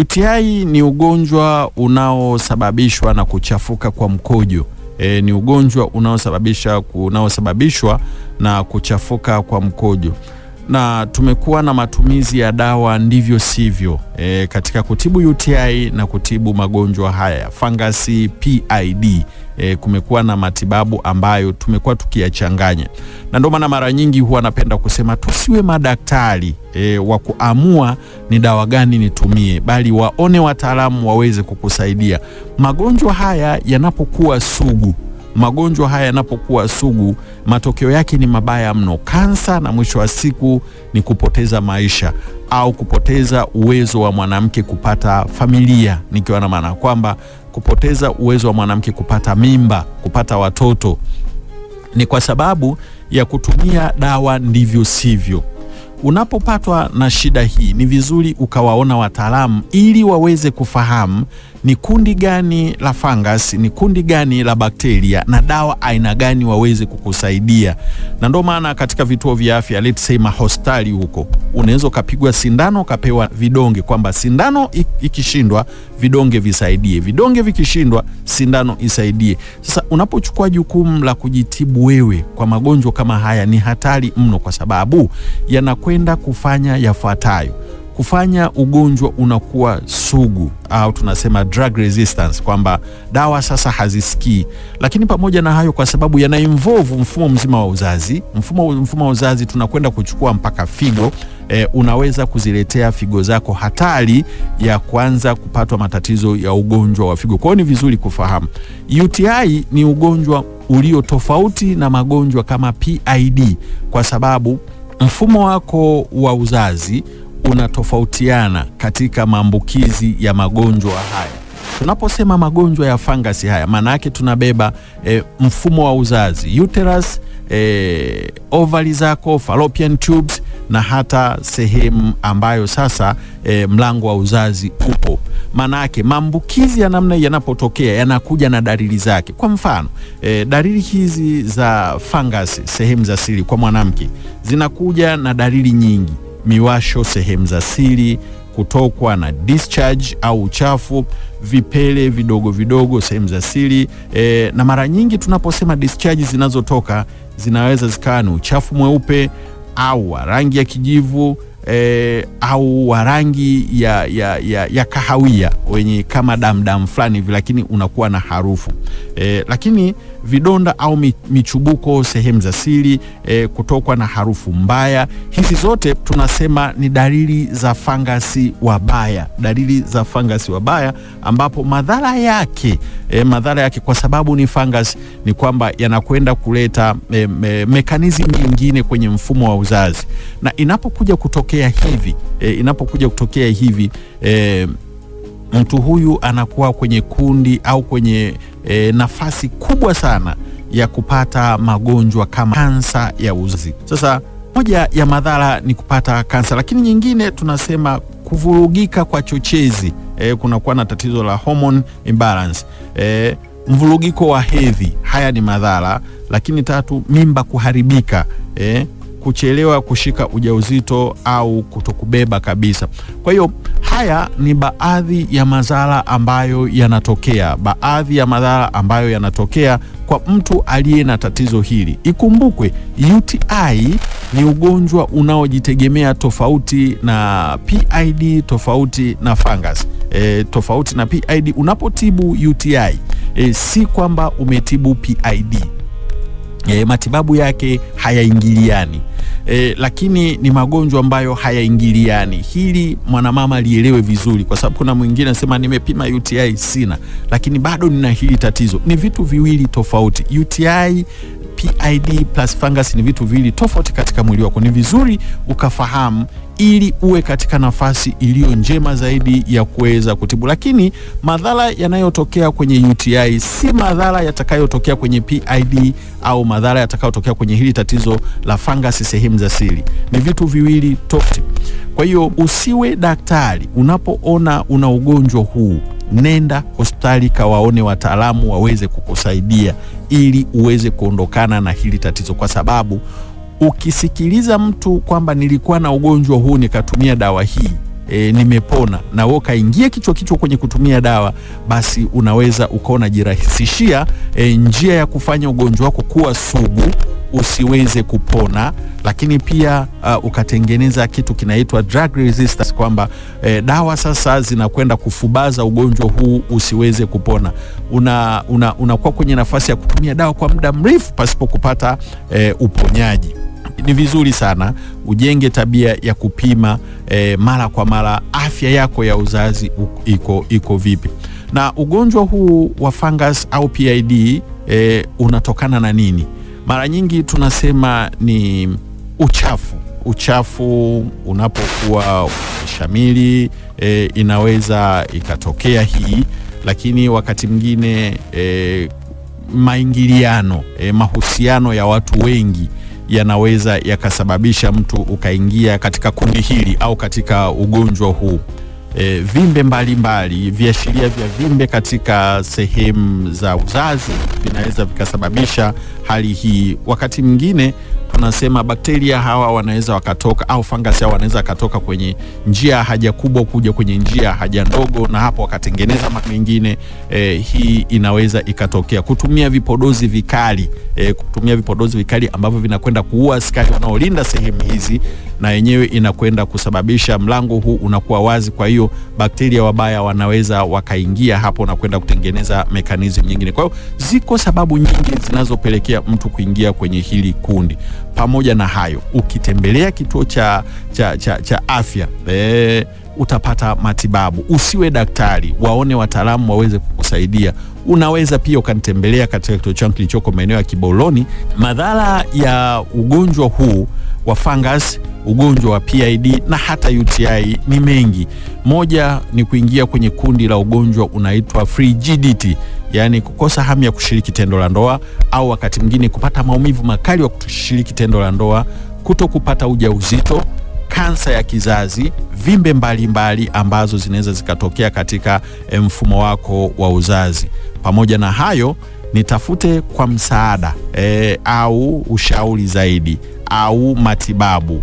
UTI ni ugonjwa unaosababishwa na kuchafuka kwa mkojo. E, ni ugonjwa unaosababisha unaosababishwa na kuchafuka kwa mkojo na tumekuwa na matumizi ya dawa ndivyo sivyo e, katika kutibu UTI na kutibu magonjwa haya fangasi PID. E, kumekuwa na matibabu ambayo tumekuwa tukiyachanganya, na ndio maana mara nyingi huwa napenda kusema tusiwe madaktari e, wa kuamua ni dawa gani nitumie, bali waone wataalamu waweze kukusaidia. Magonjwa haya yanapokuwa sugu Magonjwa haya yanapokuwa sugu, matokeo yake ni mabaya mno, kansa, na mwisho wa siku ni kupoteza maisha au kupoteza uwezo wa mwanamke kupata familia, nikiwa na maana kwamba kupoteza uwezo wa mwanamke kupata mimba, kupata watoto ni kwa sababu ya kutumia dawa ndivyo sivyo. Unapopatwa na shida hii, ni vizuri ukawaona wataalamu ili waweze kufahamu ni kundi gani la fungus, ni kundi gani la bakteria na dawa aina gani waweze kukusaidia. Na ndio maana katika vituo vya afya let's say mahostali huko, unaweza ukapigwa sindano ukapewa vidonge kwamba sindano ikishindwa vidonge visaidie, vidonge vikishindwa sindano isaidie. Sasa unapochukua jukumu la kujitibu wewe kwa magonjwa kama haya, ni hatari mno, kwa sababu yanakwenda kufanya yafuatayo kufanya ugonjwa unakuwa sugu au tunasema drug resistance, kwamba dawa sasa hazisikii. Lakini pamoja na hayo, kwa sababu yanainvolve mfumo mzima wa uzazi, mfumo mfumo wa uzazi tunakwenda kuchukua mpaka figo e, unaweza kuziletea figo zako hatari ya kuanza kupatwa matatizo ya ugonjwa wa figo. Kwa hiyo ni vizuri kufahamu UTI ni ugonjwa ulio tofauti na magonjwa kama PID kwa sababu mfumo wako wa uzazi unatofautiana katika maambukizi ya magonjwa haya. Tunaposema magonjwa ya fangasi haya, maana yake tunabeba e, mfumo wa uzazi uterus, e, eh, ovari zako, fallopian tubes na hata sehemu ambayo sasa e, mlango wa uzazi upo. Maana yake maambukizi ya namna yanapotokea yanakuja na dalili zake. Kwa mfano e, dalili hizi za fangasi sehemu za siri kwa mwanamke zinakuja na dalili nyingi miwasho sehemu za siri, kutokwa na discharge au uchafu, vipele vidogo vidogo sehemu za siri e, na mara nyingi tunaposema discharge zinazotoka zinaweza zikawa ni uchafu mweupe au wa rangi ya kijivu eh, au wa rangi ya, ya, ya, ya kahawia wenye kama damdam fulani hivi, lakini unakuwa na harufu eh, lakini vidonda au michubuko sehemu za siri eh, kutokwa na harufu mbaya, hizi zote tunasema ni dalili za fangasi wabaya, dalili za fangasi wabaya ambapo madhara yake eh, madhara yake kwa sababu ni fangasi ni kwamba yanakwenda kuleta eh, me, mekanizmu nyingine kwenye mfumo wa uzazi na inapokuja kutokea kutokea hivi e, inapokuja kutokea hivi e, mtu huyu anakuwa kwenye kundi au kwenye e, nafasi kubwa sana ya kupata magonjwa kama kansa ya uzazi. Sasa moja ya madhara ni kupata kansa, lakini nyingine tunasema kuvurugika kwa chochezi e, kunakuwa na tatizo la hormone imbalance e, mvurugiko wa hedhi. Haya ni madhara, lakini tatu, mimba kuharibika e, kuchelewa kushika ujauzito au kutokubeba kabisa. Kwa hiyo haya ni baadhi ya madhara ambayo yanatokea, baadhi ya madhara ambayo yanatokea kwa mtu aliye na tatizo hili. Ikumbukwe UTI ni ugonjwa unaojitegemea tofauti na PID, tofauti na fungus e, tofauti na PID. Unapotibu UTI e, si kwamba umetibu PID e, matibabu yake hayaingiliani e, lakini ni magonjwa ambayo hayaingiliani. Hili mwanamama alielewe vizuri, kwa sababu kuna mwingine anasema nimepima UTI sina, lakini bado nina hili tatizo. Ni vitu viwili tofauti. UTI PID plus fungus ni vitu viwili tofauti katika mwili wako, ni vizuri ukafahamu ili uwe katika nafasi iliyo njema zaidi ya kuweza kutibu. Lakini madhara yanayotokea kwenye UTI si madhara yatakayotokea kwenye PID au madhara yatakayotokea kwenye hili tatizo la fangasi sehemu za siri, ni vitu viwili tofauti. Kwa hiyo usiwe daktari unapoona una ugonjwa huu nenda hospitali kawaone wataalamu waweze kukusaidia ili uweze kuondokana na hili tatizo, kwa sababu ukisikiliza mtu kwamba nilikuwa na ugonjwa huu nikatumia dawa hii E, nimepona na wewe kaingia kichwa kichwa kwenye kutumia dawa, basi unaweza ukawa unajirahisishia e, njia ya kufanya ugonjwa wako kuwa sugu usiweze kupona, lakini pia uh, ukatengeneza kitu kinaitwa drug resistance kwamba eh, dawa sasa zinakwenda kufubaza ugonjwa huu usiweze kupona. Unakuwa una, una kwenye nafasi ya kutumia dawa kwa muda mrefu pasipo kupata eh, uponyaji. Ni vizuri sana ujenge tabia ya kupima eh, mara kwa mara afya yako ya uzazi iko, iko vipi, na ugonjwa huu wa fungus au PID eh, unatokana na nini? mara nyingi tunasema ni uchafu. Uchafu unapokuwa shamili e, inaweza ikatokea hii, lakini wakati mwingine e, maingiliano e, mahusiano ya watu wengi yanaweza yakasababisha mtu ukaingia katika kundi hili au katika ugonjwa huu e, vimbe mbalimbali, viashiria vya vimbe katika sehemu za uzazi vinaweza vikasababisha hali hii. Wakati mwingine anasema bakteria hawa wanaweza wakatoka au fungus hawa wanaweza wakatoka kwenye njia haja kubwa kuja kwenye njia haja ndogo, na hapo wakatengeneza mengine. Eh, hii inaweza ikatokea kutumia vipodozi vikali eh, kutumia vipodozi vikali ambavyo vinakwenda kuua askari wanaolinda sehemu hizi, na yenyewe inakwenda kusababisha mlango huu unakuwa wazi, kwa hiyo bakteria wabaya wanaweza wakaingia hapo na kwenda kutengeneza mekanizmu nyingine. Kwa hiyo ziko sababu nyingi zinazopelekea mtu kuingia kwenye hili kundi. Pamoja na hayo, ukitembelea kituo cha, cha, cha, cha afya e, utapata matibabu. Usiwe daktari, waone wataalamu waweze kukusaidia. Unaweza pia ukanitembelea katika kituo changu kilichoko maeneo ya Kiboloni. Madhara ya ugonjwa huu wa fungus ugonjwa wa PID na hata UTI ni mengi. Moja ni kuingia kwenye kundi la ugonjwa unaitwa frigidity, yaani kukosa hamu ya kushiriki tendo la ndoa, au wakati mwingine kupata maumivu makali wa kutoshiriki tendo la ndoa, kuto kupata ujauzito, kansa ya kizazi, vimbe mbalimbali mbali ambazo zinaweza zikatokea katika eh, mfumo wako wa uzazi. Pamoja na hayo, nitafute kwa msaada e, au ushauri zaidi au matibabu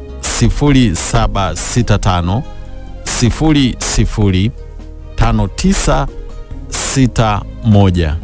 0765 moja